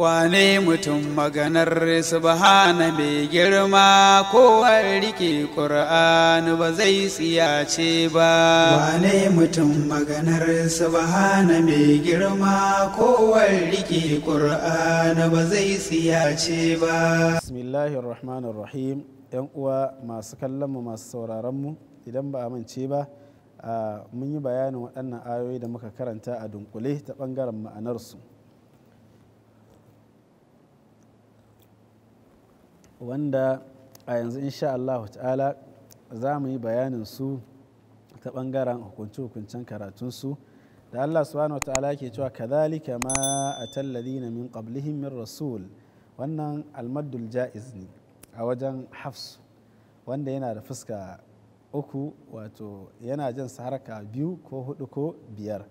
wane mutum maganar subhana mai girma ko rike ƙur'ani ba zai tsiyace ba wane mutum maganar subhana mai girma ko rike ƙur'ani ba zai tsiyace ba bismillahir rahmanir rahim yan uwa masu kallon mu masu sauraron mu idan ba amince ba mun yi bayanin waɗannan ayoyi da muka karanta a dunkule ta ɓangaren ma'anarsu wanda a yanzu insha Allah ta'ala za mu yi bayanin su ta bangaren hukunce-hukuncen karatunsu da Allah subhanahu wa ta'ala ke cewa kadhalika ma a min qablihim min rasul wannan almaddul ja'iz ne a wajen hafsu wanda yana da fuska uku wato yana jan saharka biyu ko hudu ko biyar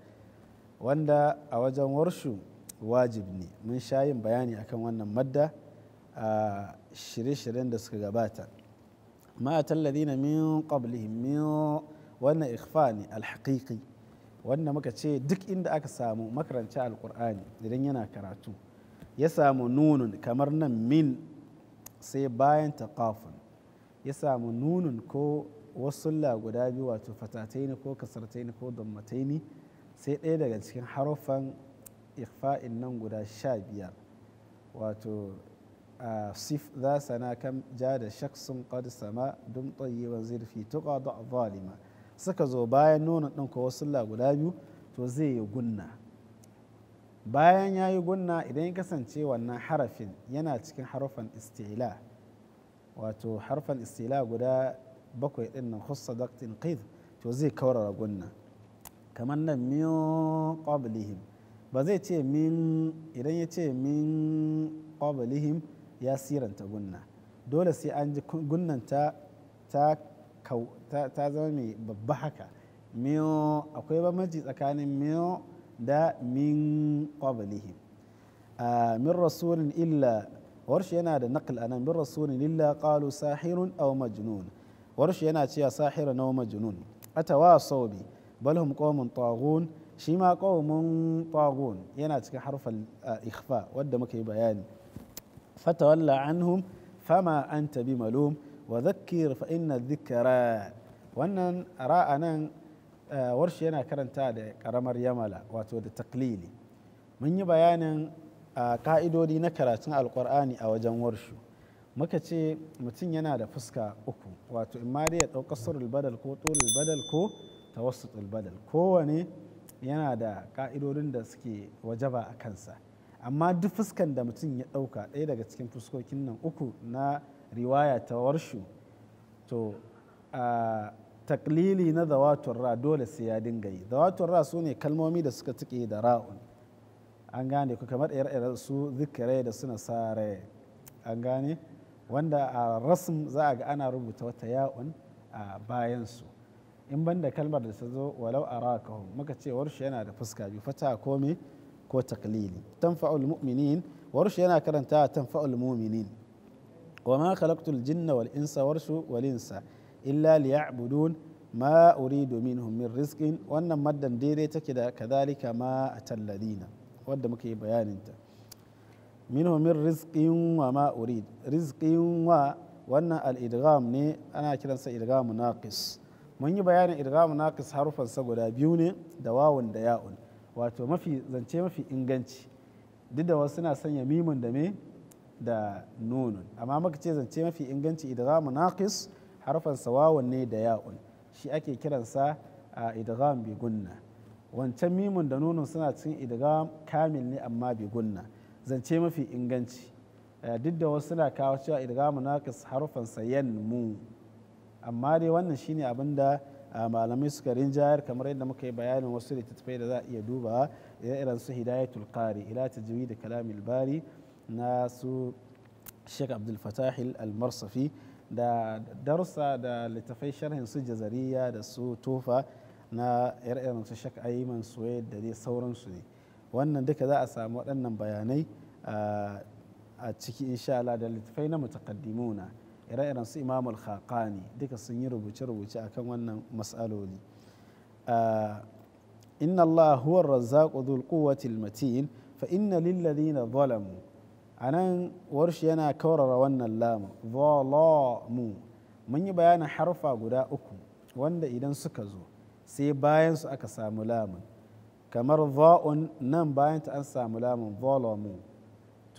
wanda a wajen warshu wajib ne mun sha yin bayani akan wannan madda a shirye-shiryen da suka gabata ma'atan ladina min qablihim min wannan ikhfa ne alhaqiqi wanda muka ce duk inda aka samu makaranci alkur'ani idan yana karatu ya samu nunun kamar nan min sai bayan taqafun ya samu nunun ko wasulla guda biyu wato fatataini ko kasartaini ko dammataini sai ɗaya daga cikin haruffan ikfa'in nan guda sha biyar wato صف ذا سنا كم جاد شخص قد سما دم طيبا زر في تقى ضع zalima suka zo bayan nuna ɗin ko sulla guda biyu to zai yi gunna bayan ya yi gunna idan ya kasance wannan harafin yana cikin harafan istila wato harafan istila guda bakwai ɗin nan hussa daktin qid to zai kaurara gunna kamar nan min qablihim ya siranta gunna dole sai an ji gunnan ta ta zama mai babba haka miyo akwai bambanci tsakanin miyo da min qablihim ah, min rasulin illa warshi yana da naql anan min rasulin illa qalu sahirun aw majnun warshi yana cewa sahirun na majnun atawasaw bi bal hum qawmun taghun shi ma qawmun taghun yana cikin harfal ah, ikhfa wanda muka yi bayani فتولى عنهم فما أنت بملوم وذكر فإن الذكرى wannan ra'a nan warshi yana karanta da karamar yamala wato da taklili mun yi bayanin ka'idodi na karatun alkur'ani a wajen warshu. muka ce mutum yana da fuska uku wato imma dai ya ɗauka badal ko tsorul badal ko tawassutul badal kowane yana da ka'idodin da suke wajaba a kansa amma duk fuskan da mutum ya ɗauka ɗaya daga cikin fuskokin nan uku na riwaya ta warshu to a taklili na zawatun ra dole sai ya dinga yi zawatun ra su ne kalmomi da suka tuke da ra'un an gane ku kamar ire su zikirai da suna sare an gane wanda a rasm za a ga ana rubuta wata ya'un a bayansu in banda kalmar da ta zo walau a kawo muka ce warshu yana da fuska biyu fata komai ko taklili tanfa'ul mu'minin warsh yana karanta tanfa'ul mu'minin wa ma khalaqtul jinna wal insa warshu wal insa illa liya'budun ma uridu minhum min rizqin wannan maddan daidai take da kadhalika ma atalladina wanda muke bayanin ta minhum min rizqin wa ma urid rizqin wa wannan al-idgham ne ana kiransa idgham naqis mun yi bayanin idgham naqis harufansa guda biyu ne da wawun da ya'un wato mafi zance mafi inganci duk da wasu suna sanya mimun da me da nunun amma muka ce zance mafi inganci idgham naqis harfan sawawun ne da ya'un shi ake kiransa a idgham bi gunna wancan mimun da nunun suna cikin idgham kamil ne amma bi gunna zance mafi inganci eh, duk da wasu suna kawo cewa idgham naqis harfan sayan mu amma dai wannan shine abin da malamai suka rinjayar kamar yadda muka yi bayanin wasu littattafai da za a iya duba irin su hidayatul qari ila tajwi da kalamil bari na su sheikh abdul fatahil al-marsafi da darsa da littafai sharhin su jazariya da su tofa na irin su sheikh ayman suwaid da dai sauransu ne wannan duka za a samu waɗannan bayanai a ciki insha Allah da littattafai na mutaqaddimuna ire-iren su imamul khaqani duka sun yi rubuce-rubuce a kan wannan matsaloli ah, inna Allah huwa razzaqu dhul quwwati matin fa inna lil ladina zalamu anan warshi yana kaurara wannan lamu zalamu mun yi bayanin harfa guda uku wanda idan suka zo sai bayan su aka samu lamun kamar za'un nan bayan ta an samu lamun zalamu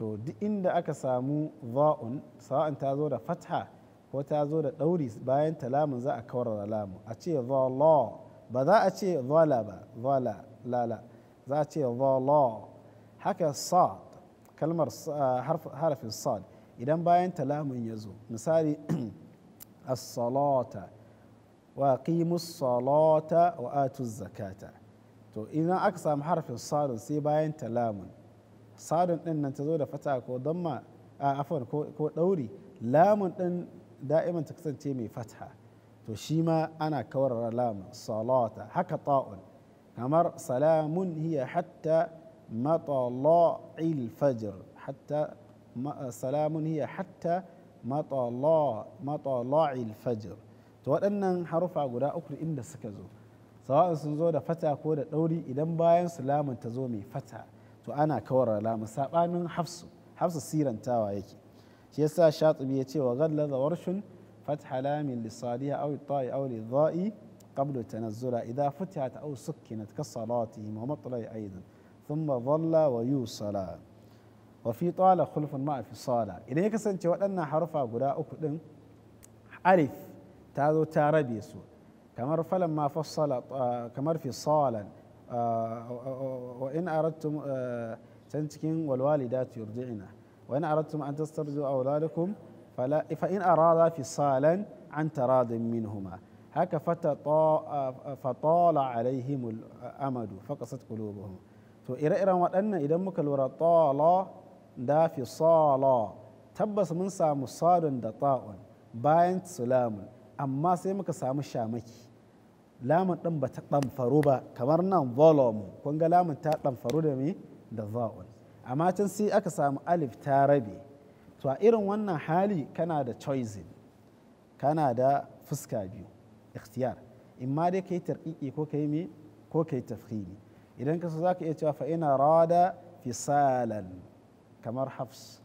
to duk inda aka samu za'un sawa'an ta zo da fatha ko ta zo da ɗauri bayan ta lamun za a kawar lamu a ce zala ba za a ce zala ba zala lala za a ce zala haka sad kalmar harafin sad idan bayan ta lamun ya zo misali as-salata wa aqimus salata wa atuz zakata to idan aka samu harafin sad sai bayan ta lamun sadun din nan ta zo da fata ko damma a afwan ko dauri lamun din da'iman ta kasance mai fatha to shi ma ana kawar lamun salata haka ta'un kamar salamun hiya hatta matala'il fajr hatta salamun hiya hatta matala'il fajr to waɗannan harufa guda uku inda suka zo sawa'in sun zo da fata ko da ɗauri idan bayan salamun ta zo mai fata to ana kawar lamun sabanin hafsu hafsu sirantawa yake shi yasa shatibi yace ce wa ghallaza warshun fatha lamin sadiha aw ta'i aw li lidha'i قبل التنزل إذا فتحت أو سكنت كصلاته ومطلع أيضا ثم ظل ويوصل وفي طال خلف ما في صالة إذا يكسن وأن حرفها قراء أكدن ألف تاذو تاربيسو كمر فلما فصل كمر في صالا آه، وإن أردتم آه، تنتكين والوالدات يرضعنا وإن أردتم أن تسترضوا أولادكم فلا فإن أرادا فصالا عن تراض منهما هكا فطال عليهم الأمد فقصت قلوبهم تو ire-iren waɗannan idan muka lura tala da fi sala tabbas mun samu sadun da ta'un bayan sulamun amma sai muka lamun ɗin ba ta ɗamfaru ba kamar nan volume kun ga lamun ta ɗamfaru da me da za'un amma can sai aka samu alif ta rabe to a irin wannan hali kana da choisin? kana da fuska biyu ikhtiyar ma dai kai tarqiqi ko kai me ko kai idan ka so zaka iya cewa fa ina rada fisalan kamar hafs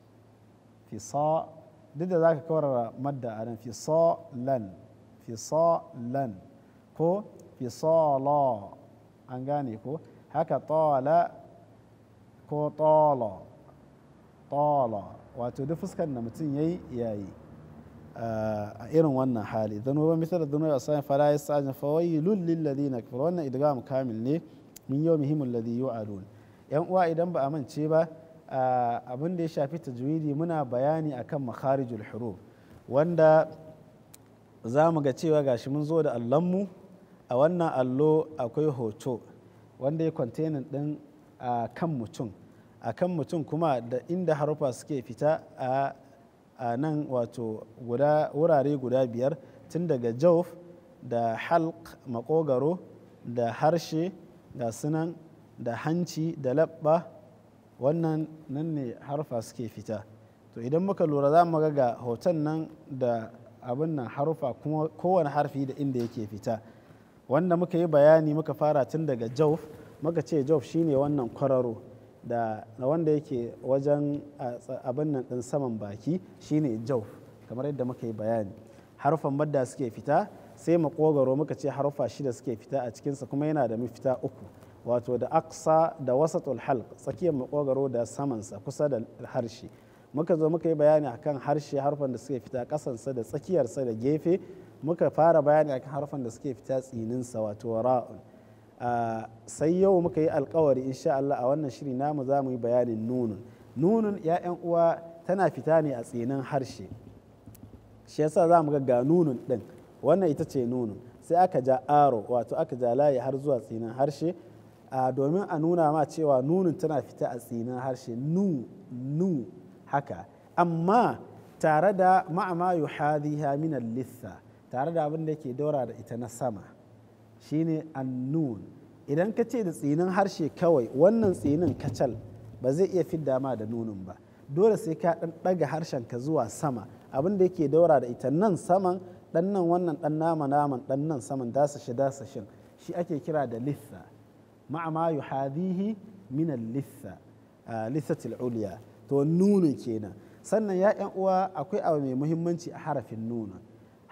fisa duk da zaka kawar madda anan fisalan fisalan ko fisala an gane ko haka Tola ko Tola Tola wato duk fuskar da mutum yayi yayi eh, a irin wannan hali ruwan mitar da zanuban asayin fara ya lullin fawailun na kafar wannan mu kamil ne min yau muhimmin a yu'adun yan uwa idan ba a mance ba eh, abin da ya shafi tajwidi muna bayani akan makharijul huruf wanda za mu ga cewa gashi mun zo da mu. a wannan allo akwai hoto wanda ya kwantenin din a kan mutum a kan mutum kuma da inda harufa suke fita a nan wato wurare guda biyar tun daga jauf da halk makogaro da harshe ga sunan da hanci da labba wannan nan ne harufa suke fita to idan muka lura za mu ga hoton nan da abin nan harufa kuma kowane harfi da inda yake fita wanda muka yi bayani muka fara tun daga jauf muka ce jauf shine wannan kwararo da wanda yake wajen abin nan ɗin saman baki shine jauf kamar yadda muka yi bayani harufan madda suke fita sai makogaro muka ce harufa shida suke fita a cikinsa kuma yana da mafita uku wato da aksa da wasatul halq tsakiyar makogaro da samansa kusa da harshe muka zo muka yi bayani akan harshe harfan da suke fita kasansa da tsakiyarsa da gefe muka fara bayani akan harfan da suke fita tsinin sa wato wara'un sai yau muka yi alkawari insha Allah a wannan shiri namu za mu yi bayanin nunun nunun ya'yan uwa tana fita ne a tsinin harshe shi yasa za mu ga nunun din wannan ita ce nunun sai aka ja aro wato aka ja layi har zuwa tsinin harshe domin a nuna ma cewa nunun tana fita a tsinin harshe nu nu haka amma tare da ma'ama yuhadiha min al tare da abin da yake daura da ita na sama shine annun idan ka ce da tsinin harshe kawai wannan tsinin kacal ba zai iya fidda ma da nunin ba dole sai ka daga harshen ka zuwa sama abin da yake daura da ita nan saman dan nan wannan ɗan nama naman dan nan saman dasa shi dasa shin shi ake kira da litha ma'a ma yuhadihi min al-litha ah, lithatil ulya to nunin kenan sannan ya uwa akwai abu mai muhimmanci a harafin nunu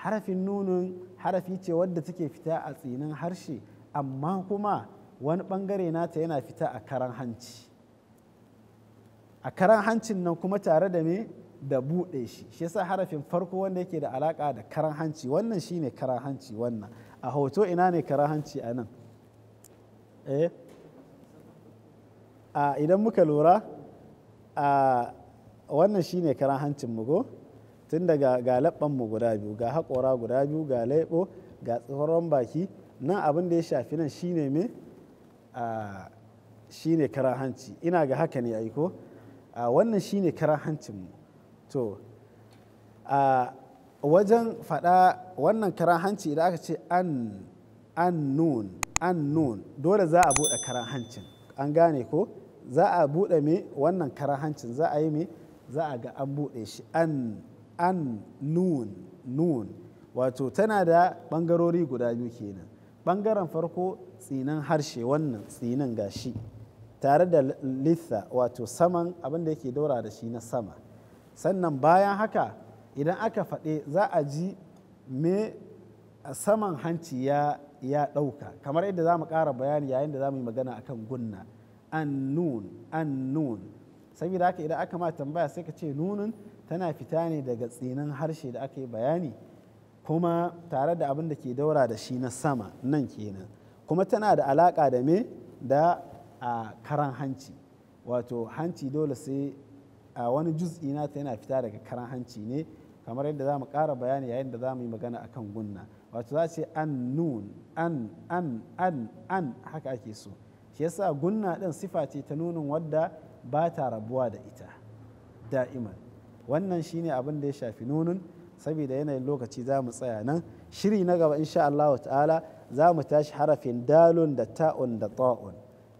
harafin nunin harafi ce wadda take fita a tsinin harshe amma kuma wani ɓangare nata yana fita a karan hanci a karan hancin nan kuma tare da me da buɗe shi shi yasa harafin farko wanda yake da alaƙa da karan hanci wannan shi ne karan hanci wannan a hoto ina ne karan hanci a nan eh? idan muka lura a wannan shine karan hancin mu go tun daga ga mu guda biyu ga haƙora guda biyu ga laibo ga tsoron baki nan abin da ya shafi nan shine me a shine karan hanci ina ga haka ne aiko a wannan shine karan mu to a wajen faɗa wannan karan hanci idan aka ce an an nun an nun dole za a buɗe karan an gane ko za a buɗe me wannan karan za a yi me za a ga an buɗe shi an an nun nun wato tana da ɓangarori guda biyu kenan ɓangaren farko tsinan harshe wannan tsinan gashi tare da litha wato saman abin da yake daura da shi na sama sannan bayan haka idan aka faɗe za a ji me saman hanci ya ya ɗauka kamar yadda za mu ƙara bayani yayin da za mu yi magana akan gunna an nun an nun saboda haka idan aka ma tambaya sai ka ce nunun tana fita ne daga tsinin harshe da aka yi bayani kuma tare da abin da ke daura da shi na sama nan kenan kuma tana da alaƙa da me da a karan hanci wato hanci dole sai a wani juz'i ta yana fita daga karan hanci ne kamar yadda za mu ƙara bayani yayin da za mu yi magana a kan gunna wato za ce an nun an an an an haka ake so shi yasa gunna ɗin sifa ce ta nunin wadda ba ta rabuwa da ita da'iman wannan shine abin da ya shafi nunun saboda yanayin lokaci za mu tsaya nan shiri na gaba insha Allah ta'ala za mu tashi harafin dalun da ta'un da ta'un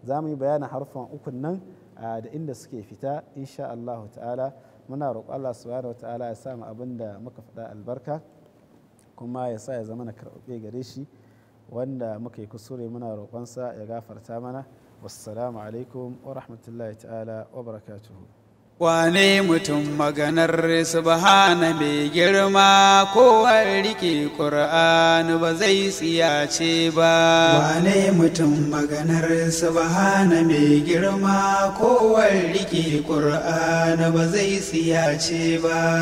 za mu yi bayanin harfan ukun nan da inda suke fita insha Allah ta'ala muna roƙo Allah subhanahu wa ta'ala ya samu abin da muka faɗa albarka kuma ya sa ya zama na karɓe gare shi wanda muka yi kusure muna roƙonsa ya gafarta mana wassalamu alaikum wa rahmatullahi ta'ala wa barakatuhu wane mutum maganar subhana mai girma kowar rike ƙur'ani ba zai tsiyace ba wane mutum maganar subhana mai girma kowar rike ƙur'ani ba zai tsiyace ba